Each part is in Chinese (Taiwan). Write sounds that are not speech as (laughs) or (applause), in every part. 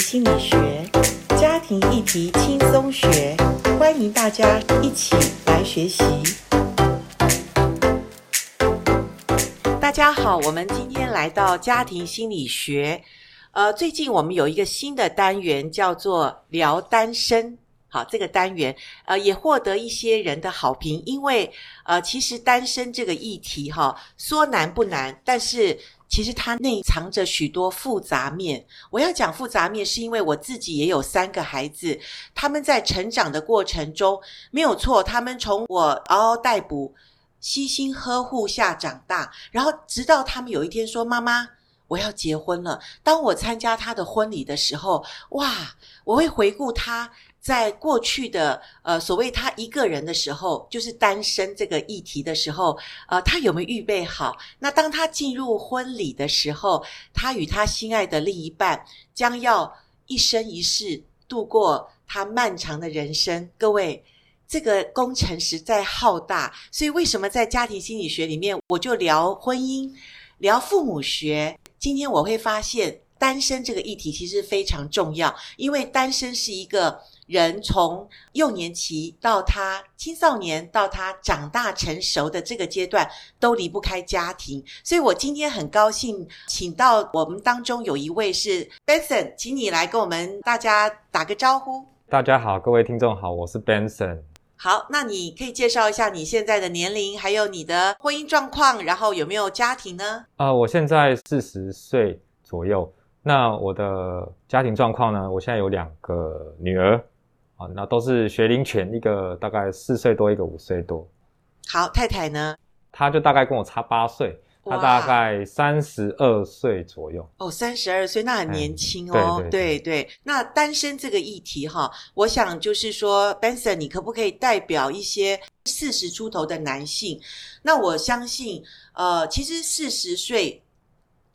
心理學家庭議題輕鬆學，歡迎大家一起來學習。大家好，我們今天來到家庭心理學。呃，最近我們有一個新的單元叫做聊單身，好，這個單元呃也獲得一些人的好評，因為呃其實單身這個議題哈，說難不難，但是，其實它內藏着許多複雜面。我要講複雜面，是因為我自己也有三個孩子，他們在成長的過程中沒有錯。他們從我嗷嗷待哺、悉心呵護下長大，然後直到他們有一天說：“媽媽，我要結婚了。”當我參加他的婚禮的時候，哇！我會回顧他。在過去的呃，所謂他一個人的時候，就是單身這個議題的時候，呃，他有沒有預備好？那當他進入婚禮的時候，他與他心愛的另一半將要一生一世度過他漫長的人生。各位，這個工程實在浩大，所以為什麼在家庭心理學裡面，我就聊婚姻，聊父母學？今天我會發現，單身這個議題其實非常重要，因為單身是一個。人從幼年期到他青少年，到他長大成熟的這個階段，都離不開家庭。所以我今天很高興，請到我們當中有一位是 Benson，請你來跟我們大家打個招呼。大家好，各位聽眾好，我是 Benson。好，那你可以介紹一下你現在的年齡，還有你的婚姻狀況，然後有沒有家庭呢？啊、呃，我現在四十歲左右。那我的家庭狀況呢？我現在有兩個女兒。啊、哦，那都是學齡前，一個大概四歲多，一個五歲多。好，太太呢？他就大概跟我差八歲，他大概三十二歲左右。哦，三十二歲那很年輕哦。嗯、對，對，對，對，對對。那單身這個議題哈、哦，我想就是說，Benson 你可不可以代表一些四十出頭的男性？那我相信，呃，其實四十歲，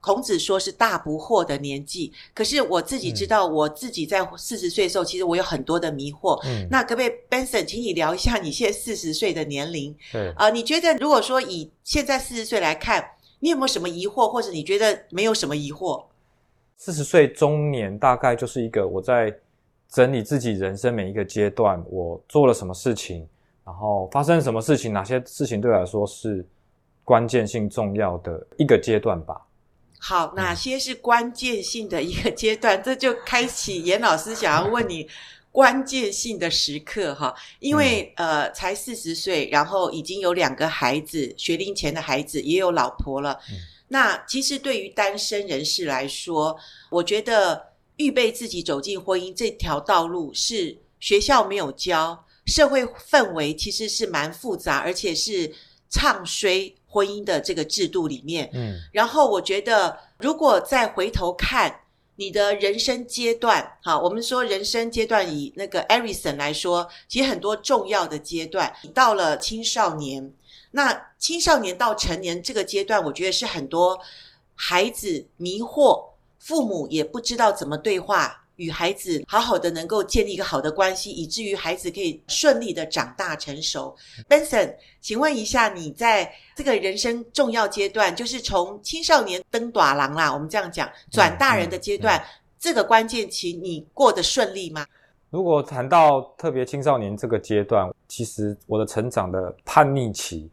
孔子說是大不惑的年紀，可是我自己知道，我自己在四十歲的時候、嗯，其實我有很多的迷惑。嗯、那各位 Benson，請你聊一下你現在四十歲的年齡。對、嗯。啊、呃，你覺得如果說以現在四十歲來看，你有沒有什麼疑惑，或者你覺得沒有什麼疑惑？四十歲中年大概就是一個我在整理自己人生每一個階段，我做了什麼事情，然後發生什麼事情，哪些事情對我來說是關鍵性重要的一個階段吧。好，哪些是關鍵性的一個階段、嗯？這就開啟延老師想要問你關鍵性的時刻哈、嗯，因為呃才四十歲，然後已經有兩個孩子，學齡前的孩子也有老婆了、嗯。那其實對於單身人士來說，我覺得預備自己走進婚姻這條道路是學校沒有教，社會氛圍其實是蠻複雜，而且是唱衰。婚姻的這個制度裡面，嗯，然後我覺得，如果再回頭看你的人生階段，哈，我們說人生階段以那個 Erikson 來說，其實很多重要的階段，你到了青少年，那青少年到成年這個階段，我覺得是很多孩子迷惑，父母也不知道怎麼對話。與孩子好好的能夠建立一個好的關係，以至於孩子可以順利的長大成熟。Benson，請問一下，你在這個人生重要階段，就是從青少年登大郎啦，我們這樣講，轉大人的階段，嗯嗯嗯，這個關鍵期你過得順利嗎？如果談到特別青少年這個階段，其實我的成長的叛逆期，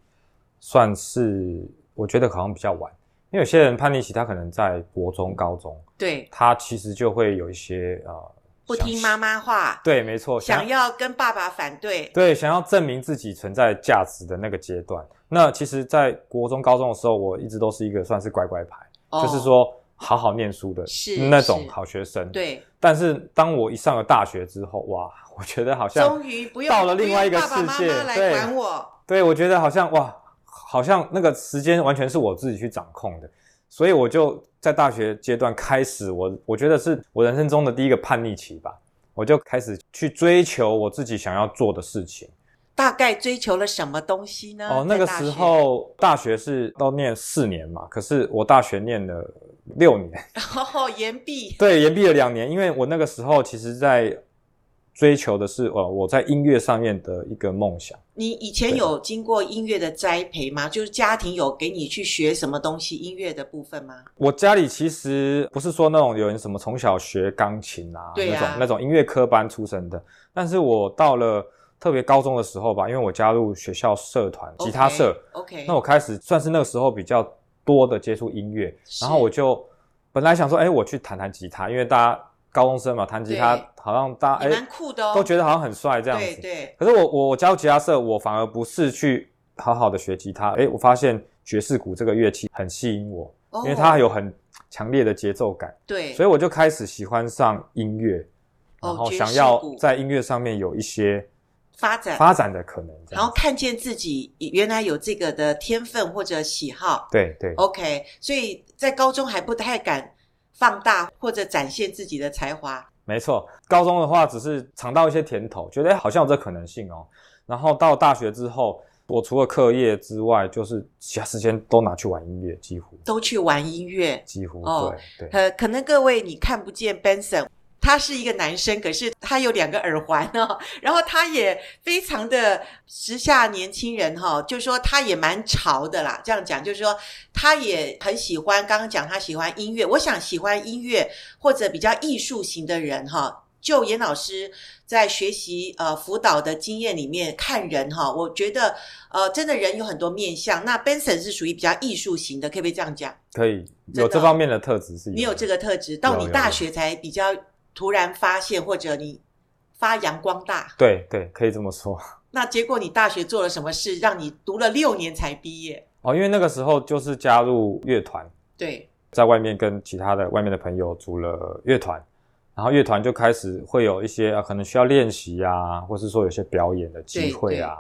算是我覺得好像比較晚。因為有些人叛逆期，他可能在國中、高中，對，他其實就會有一些呃，不聽媽媽話，對，沒錯，想要，想要跟爸爸反對，對，想要證明自己存在價值的那個階段。那其實，在國中、高中的時候，我一直都是一個算是乖乖牌，oh, 就是說好好念書的是那種好學生。對。但是當我一上了大學之後，哇，我覺得好像終於不用到了另外一個世界，爸爸媽媽來管我，對，對我覺得好像哇。好像那個時間完全是我自己去掌控的，所以我就在大學階段開始，我我覺得是我人生中的第一個叛逆期吧，我就開始去追求我自己想要做的事情。大概追求了什麼東西呢？哦，那個時候大學，大學是都念四年嘛，可是我大學念了六年，然後延畢。畢 (laughs) 對，延畢了兩年，因為我那個時候其實，在。追求的是，呃，我在音樂上面的一個夢想。你以前有經過音樂的栽培嗎？就是家庭有給你去學什麼東西音樂的部分嗎？我家裡其實不是說那種有人什麼從小學鋼琴啊，啊，那種那種音樂科班出身的。但是我到了特別高中的時候吧，因為我加入學校社團、okay, 吉他社，OK，那我開始算是那個時候比較多的接觸音樂。然後我就本來想說，哎、欸，我去彈彈吉他，因為大家。高中生嘛，彈吉他好像大家哎、哦，都覺得好像很帥這樣子。對對。可是，我我我加入吉他社，我反而不是去好好的學吉他，哎，我發現爵士鼓這個樂器很吸引我、哦，因為它有很強烈的節奏感。對。所以我就開始喜歡上音樂，然後想要在音樂上面有一些發展、哦、發展的可能。然後看見自己原來有這個的天分或者喜好。對對。OK，所以在高中還不太敢。放大或者展現自己的才華。沒錯，高中的話只是嘗到一些甜頭，覺得好像有這可能性哦。然後到大學之後，我除了課業之外，就是其他時間都拿去玩音樂，幾乎都去玩音樂，幾乎哦。對，對，可可能各位你看不見 Benson。他是一個男生，可是他有兩個耳環哦。然後他也非常的時下年輕人哈、哦，就是說他也蠻潮的啦。這樣講就是說他也很喜歡，剛剛講他喜歡音樂。我想喜歡音樂或者比較藝術型的人哈、哦，就嚴老師在學習呃輔導的經驗裡面看人哈、哦，我覺得呃真的人有很多面向。那 Benson 是屬於比較藝術型的，可不可以這樣講？可以，有這方面的特質是、哦。你有這個特質，到你大學才比較。有有有突然發現，或者你發揚光大，對對，可以這麼說。那結果你大學做了什麼事，讓你讀了六年才畢業？哦，因為那個時候就是加入樂團，對，在外面跟其他的外面的朋友組了樂團，然後樂團就開始會有一些啊，可能需要練習啊，或是說有些表演的機會啊。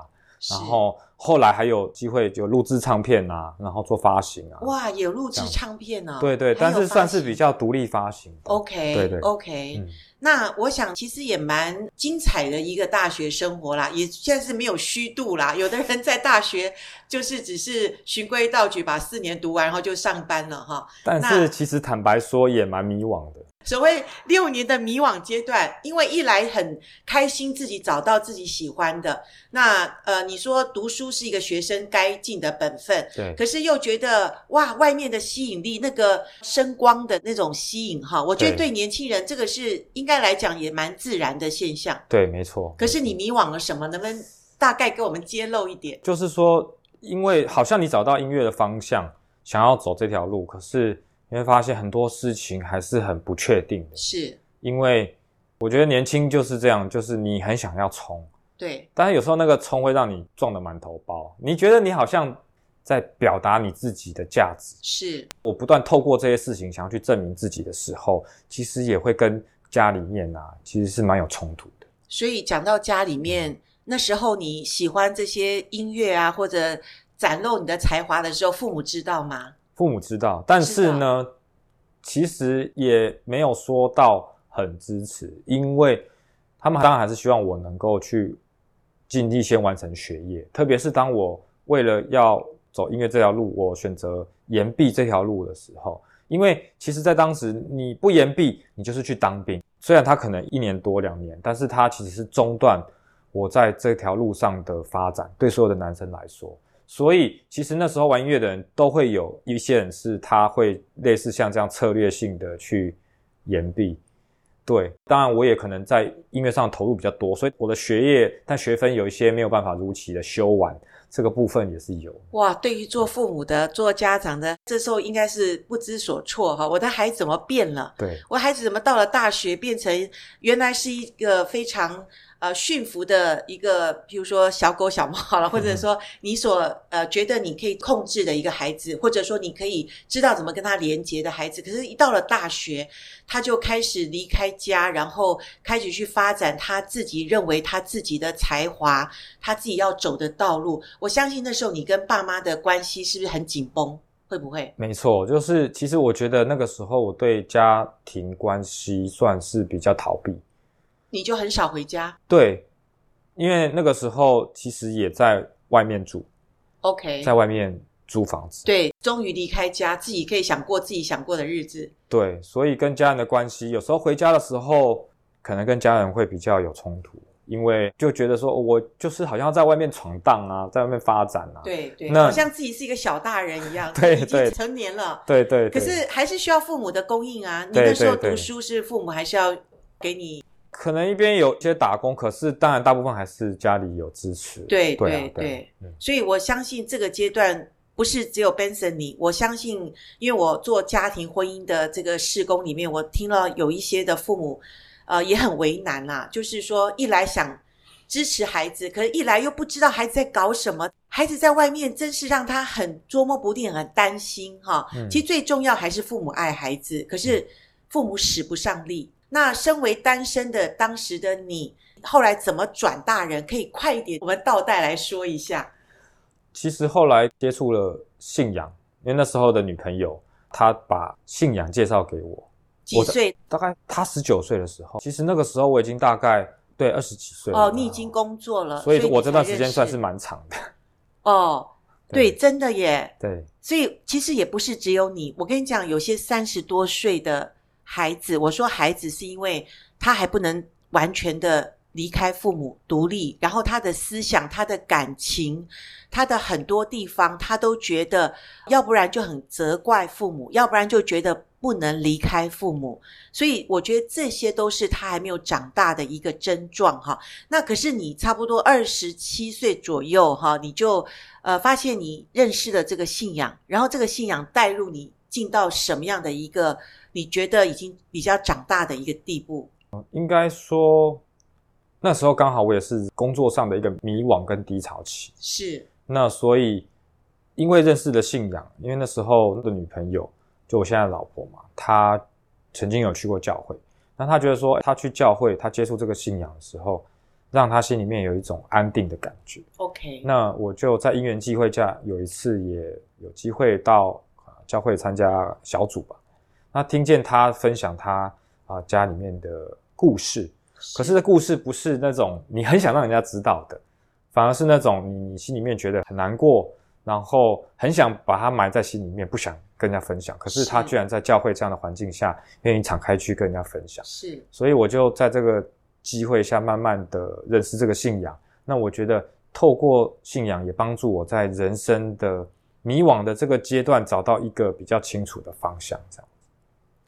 然後後來還有機會就錄制唱片啊，然後做發行啊。哇，有錄制唱片啊？對對，但是算是比較獨立發行。OK，對對，OK、嗯。那我想其實也蠻精彩的一個大學生活啦，也現在是沒有虛度啦。有的人在大學就是只是循規蹈矩把四年讀完，然後就上班了哈。但是其實坦白說也蠻迷惘的。所謂六年的迷惘階段，因為一來很開心自己找到自己喜歡的，那呃，你說讀書是一個學生該盡的本分，對，可是又覺得哇，外面的吸引力，那個聲光的那種吸引哈，我覺得對年輕人這個是應該來講也蠻自然的現象，對，沒錯。可是你迷惘了什麼？能不能大概給我們揭露一點？就是說，因為好像你找到音樂的方向，想要走這條路，可是。你會發現很多事情還是很不確定的，是因為我覺得年輕就是這樣，就是你很想要衝，對，但是有時候那個衝會讓你撞得滿頭包，你覺得你好像在表達你自己的價值，是我不斷透過這些事情想要去證明自己的時候，其實也會跟家裡面啊其實是蠻有衝突的。所以講到家裡面，嗯，那時候你喜歡這些音樂啊，或者展露你的才華的時候，父母知道嗎？父母知道，但是呢是、啊，其實也沒有說到很支持，因為他們當然還是希望我能夠去盡力先完成學業，特別是當我為了要走音樂這條路，我選擇延畢這條路的時候，因為其實，在當時你不延畢，你就是去當兵，雖然他可能一年多兩年，但是他其實是中斷我在這條路上的發展，對所有的男生來說。所以，其實那時候玩音樂的人都會有一些人，是他會類似像這樣策略性的去延畢。對，當然我也可能在音樂上投入比較多，所以我的學業但學分有一些沒有辦法如期的修完，這個部分也是有。哇，對於做父母的、做家長的，這時候應該是不知所措哈，我的孩子怎麼變了？對。我孩子怎麼到了大學變成原來是一個非常。呃，馴服的一個，比如說小狗、小貓了，或者說你所呃覺得你可以控制的一個孩子，或者說你可以知道怎麼跟他連接的孩子，可是，一到了大學，他就開始離開家，然後開始去發展他自己認為他自己的才華，他自己要走的道路。我相信那時候你跟爸媽的關係是不是很緊繃？會不會？沒錯，就是其實我覺得那個時候我對家庭關係算是比較逃避。你就很少回家，對，因為那個時候其實也在外面住，OK，在外面租房子，對，終於離開家，自己可以想過自己想過的日子，對，所以跟家人的關係，有時候回家的時候，可能跟家人會比較有衝突，因為就覺得說、哦、我就是好像要在外面闖蕩啊，在外面發展啊，對對，好像自己是一個小大人一樣， (laughs) 對，已經成年了，對對，對，可是還是需要父母的供應啊，你那時候讀書是父母還是要給你？可能一邊有就是打工，可是當然大部分還是家裡有支持。對對、啊、對，對，所以我相信這個階段不是只有 Benson 你，我相信，因為我做家庭婚姻的這個事工裡面，我聽了有一些的父母，呃，也很為難啊，就是說一來想支持孩子，可是一來又不知道孩子在搞什麼，孩子在外面真是讓他很捉摸不定，很擔心哈、啊嗯。其實最重要還是父母愛孩子，可是父母使不上力。那身為單身的當時的你，後來怎麼轉大人？可以快一點，我們倒帶來說一下。其實後來接觸了信仰，因為那時候的女朋友她把信仰介紹給我。幾歲？大概她十九歲的時候。其實那個時候我已經大概對二十幾歲了。哦，你已經工作了，所以我這段時間算是蠻長的。哦， (laughs) 對，真的耶。對，所以其實也不是只有你。我跟你講，有些三十多歲的。孩子，我說孩子是因為他還不能完全的離開父母獨立，然後他的思想、他的感情、他的很多地方，他都覺得要不然就很責怪父母，要不然就覺得不能離開父母，所以我覺得這些都是他還沒有長大的一個症狀哈。那可是你差不多二十七歲左右哈，你就呃發現你認識了這個信仰，然後這個信仰帶入你。進到什麼樣的一個你覺得已經比較長大的一個地步？嗯，應該說那時候剛好我也是工作上的一個迷惘跟低潮期。是。那所以因為認識了信仰，因為那時候的女朋友就我現在的老婆嘛，她曾經有去過教會，那她覺得說、欸、她去教會，她接觸這個信仰的時候，讓她心裡面有一種安定的感覺。OK。那我就在因緣際會下有一次也有機會到。教會參加小組吧，那聽見他分享他啊、呃、家裡面的故事，可是這故事不是那種你很想讓人家知道的，反而是那種你你心裡面覺得很難過，然後很想把它埋在心裡面，不想跟人家分享。可是他居然在教會這樣的環境下，願意敞開去跟人家分享。是，所以我就在這個機會下，慢慢的認識這個信仰。那我覺得透過信仰也幫助我在人生的迷惘的這個階段，找到一個比較清楚的方向，這樣。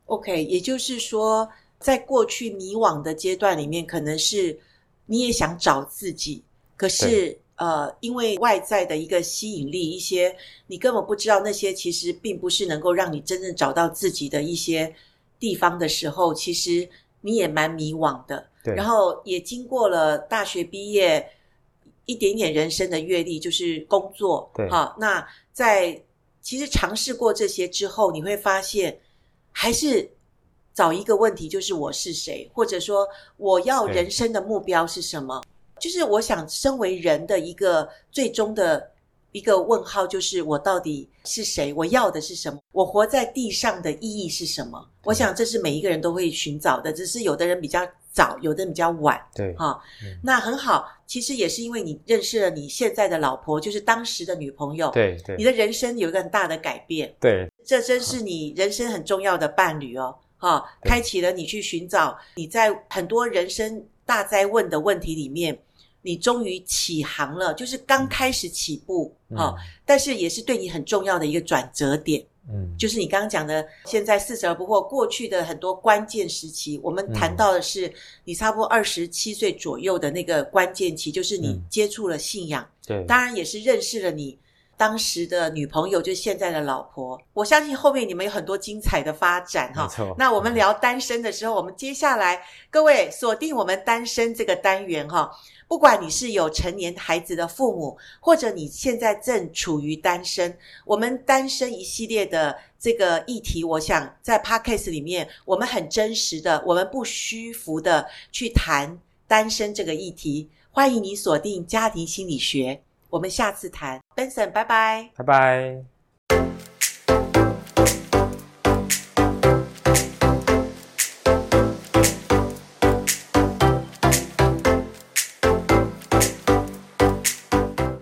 OK，也就是說，在過去迷惘的階段裡面，可能是你也想找自己，可是呃，因為外在的一個吸引力，一些你根本不知道那些其實並不是能夠讓你真正找到自己的一些地方的時候，其實你也蠻迷惘的。對。然後也經過了大學畢業。一點點人生的閱歷，就是工作，對，好，啊，那在其實嘗試過這些之後，你會發現，還是找一個問題，就是我是誰，或者說我要人生的目標是什麼？就是我想身為人的一個最終的。一個問號，就是我到底是誰？我要的是什麼？我活在地上的意義是什麼？我想這是每一個人都會尋找的，只是有的人比較早，有的人比較晚。對，哈、哦嗯，那很好。其實也是因為你認識了你現在的老婆，就是當時的女朋友。對對。你的人生有一個很大的改變。對，這真是你人生很重要的伴侶哦，哈、哦，開啟了你去尋找你在很多人生大哉問的問題裡面。你終於起航了，就是剛開始起步、嗯哦、但是也是對你很重要的一個轉折點。嗯，就是你剛剛講的，現在四十而不惑，過去的很多關鍵時期，我們談到的是你差不多二十七歲左右的那個關鍵期，嗯、就是你接觸了信仰、嗯，對，當然也是認識了你當時的女朋友，就是現在的老婆。我相信後面你們有很多精彩的發展哈、哦。那我們聊單身的時候，嗯、我們接下來各位鎖定我們單身這個單元哈。哦不管你是有成年孩子的父母，或者你現在正處於單身，我們單身一系列的這個議題，我想在 podcast 裡面，我們很真實的，我們不虛浮的去談單身這個議題。歡迎你鎖定家庭心理學，我們下次談。Benson，拜拜，拜拜。